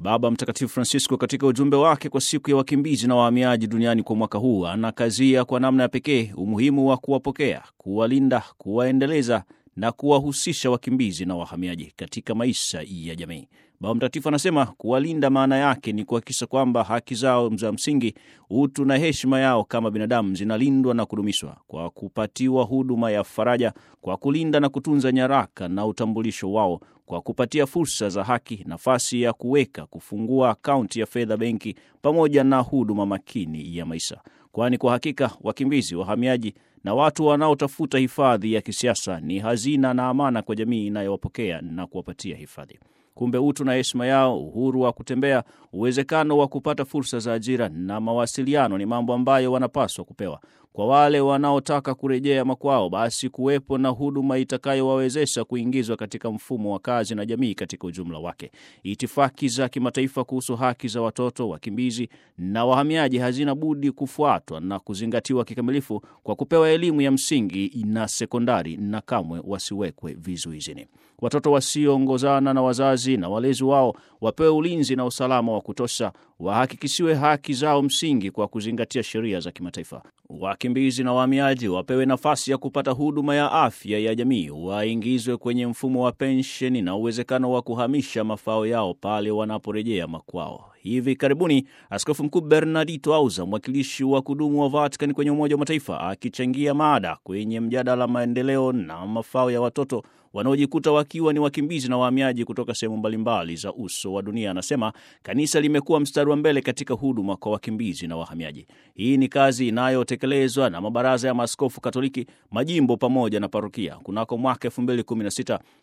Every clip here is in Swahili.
Baba Mtakatifu Francisco katika ujumbe wake kwa siku ya wakimbizi na wahamiaji duniani kwa mwaka huu anakazia kwa namna ya pekee umuhimu wa kuwapokea, kuwalinda, kuwaendeleza na kuwahusisha wakimbizi na wahamiaji katika maisha ya jamii. Baba Mtakatifu anasema kuwalinda maana yake ni kuhakikisha kwamba haki zao za msingi, utu na heshima yao kama binadamu zinalindwa na kudumishwa kwa kupatiwa huduma ya faraja, kwa kulinda na kutunza nyaraka na utambulisho wao, kwa kupatia fursa za haki, nafasi ya kuweka, kufungua akaunti ya fedha benki, pamoja na huduma makini ya maisha kwani kwa hakika wakimbizi, wahamiaji na watu wanaotafuta hifadhi ya kisiasa ni hazina na amana kwa jamii inayowapokea na kuwapatia hifadhi. Kumbe utu na heshima yao, uhuru wa kutembea, uwezekano wa kupata fursa za ajira na mawasiliano ni mambo ambayo wanapaswa kupewa. Kwa wale wanaotaka kurejea makwao, basi kuwepo na huduma itakayowawezesha kuingizwa katika mfumo wa kazi na jamii katika ujumla wake. Itifaki za kimataifa kuhusu haki za watoto, wakimbizi na wahamiaji hazina budi kufuatwa na kuzingatiwa kikamilifu kwa kupewa elimu ya msingi na sekondari, na kamwe wasiwekwe vizuizini. Watoto wasioongozana na wazazi na walezi wao wapewe ulinzi na usalama wa kutosha, wahakikishiwe haki zao msingi kwa kuzingatia sheria za kimataifa Waki wakimbizi na wahamiaji wapewe nafasi ya kupata huduma ya afya ya jamii, waingizwe kwenye mfumo wa pensheni na uwezekano wa kuhamisha mafao yao pale wanaporejea makwao. Hivi karibuni Askofu Mkuu Bernardito Auza, mwakilishi wa kudumu wa Vatican kwenye Umoja wa Mataifa, akichangia mada kwenye mjadala maendeleo na mafao ya watoto wanaojikuta wakiwa ni wakimbizi na wahamiaji kutoka sehemu mbalimbali za uso wa dunia. Anasema kanisa limekuwa mstari wa mbele katika huduma kwa wakimbizi na wahamiaji. Hii ni kazi inayotekelezwa na mabaraza ya maaskofu Katoliki, majimbo pamoja na parokia. Kunako mwaka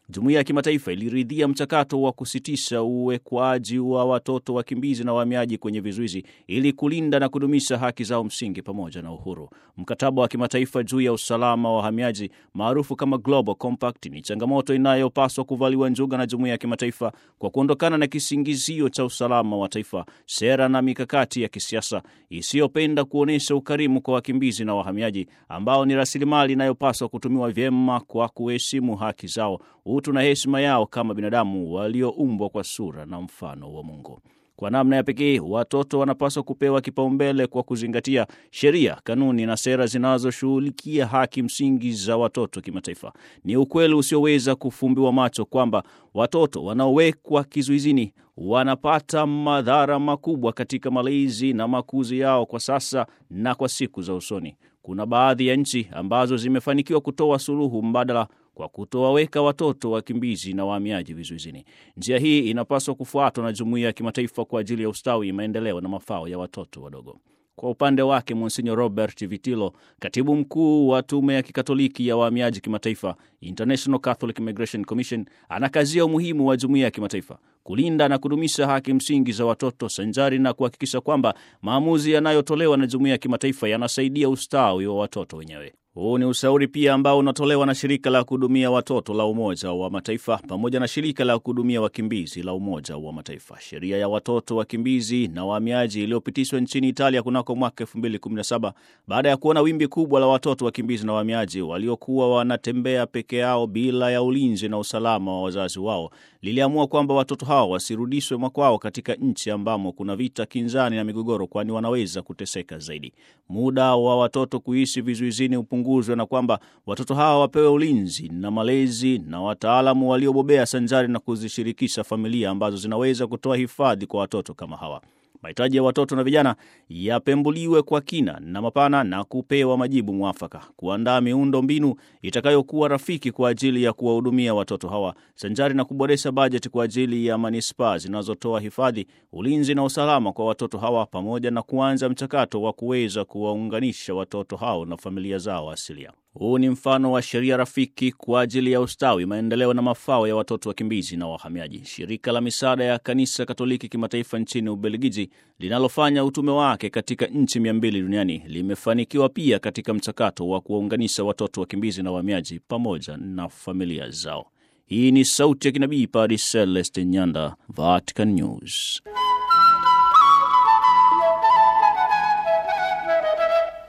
Jumuiya ya kimataifa iliridhia mchakato wa kusitisha uwekwaji wa watoto wakimbizi na wahamiaji kwenye vizuizi ili kulinda na kudumisha haki zao msingi pamoja na uhuru. Mkataba wa kimataifa juu ya usalama wa wahamiaji maarufu kama Global Compact ni changamoto inayopaswa kuvaliwa njuga na jumuiya ya kimataifa kwa kuondokana na kisingizio cha usalama wa taifa, sera na mikakati ya kisiasa isiyopenda kuonyesha ukarimu kwa wakimbizi na wahamiaji ambao ni rasilimali inayopaswa kutumiwa vyema kwa kuheshimu haki zao utu na heshima yao kama binadamu walioumbwa kwa sura na mfano wa Mungu. Kwa namna ya pekee, watoto wanapaswa kupewa kipaumbele kwa kuzingatia sheria, kanuni na sera zinazoshughulikia haki msingi za watoto kimataifa. Ni ukweli usioweza kufumbiwa macho kwamba watoto wanaowekwa kizuizini wanapata madhara makubwa katika malaizi na makuzi yao kwa sasa na kwa siku za usoni. Kuna baadhi ya nchi ambazo zimefanikiwa kutoa suluhu mbadala kwa kutowaweka watoto wakimbizi na wahamiaji vizuizini. Njia hii inapaswa kufuatwa na jumuiya ya kimataifa kwa ajili ya ustawi, maendeleo na mafao ya watoto wadogo. Kwa upande wake Monsinyo Robert Vitilo, katibu mkuu wa tume ya kikatoliki ya wahamiaji kimataifa, International Catholic Migration Commission, anakazia umuhimu wa jumuiya ya kimataifa kulinda na kudumisha haki msingi za watoto sanjari na kuhakikisha kwamba maamuzi yanayotolewa na jumuiya ya kimataifa yanasaidia ustawi wa watoto wenyewe. Huu ni ushauri pia ambao unatolewa na shirika la kuhudumia watoto la Umoja wa Mataifa pamoja na shirika la kuhudumia wakimbizi la Umoja wa Mataifa. Sheria ya watoto wakimbizi na wahamiaji iliyopitishwa nchini Italia kunako mwaka elfu kumi saba baada ya kuona wimbi kubwa la watoto wakimbizi na wahamiaji waliokuwa wanatembea peke yao bila ya ulinzi na usalama wa wazazi wao liliamua kwamba watoto hao wasirudishwe makwao katika nchi ambamo kuna vita, kinzani na migogoro, kwani wanaweza kuteseka zaidi. Muda wa watoto kuishi vizuizini upunguzwe na kwamba watoto hao wapewe ulinzi na malezi na wataalamu waliobobea, sanjari na kuzishirikisha familia ambazo zinaweza kutoa hifadhi kwa watoto kama hawa mahitaji ya watoto na vijana yapembuliwe kwa kina na mapana na kupewa majibu mwafaka, kuandaa miundo mbinu itakayokuwa rafiki kwa ajili ya kuwahudumia watoto hawa, sanjari na kuboresha bajeti kwa ajili ya manispaa zinazotoa hifadhi, ulinzi na usalama kwa watoto hawa, pamoja na kuanza mchakato wa kuweza kuwaunganisha watoto hao na familia zao asilia. Huu ni mfano wa sheria rafiki kwa ajili ya ustawi, maendeleo na mafao ya watoto wakimbizi na wahamiaji. Shirika la misaada ya kanisa Katoliki kimataifa nchini Ubelgiji linalofanya utume wake katika nchi mia mbili duniani limefanikiwa pia katika mchakato wa kuwaunganisha watoto wakimbizi na wahamiaji pamoja na familia zao. Hii ni sauti ya kinabii Padri Celeste Nyanda, Vatican News.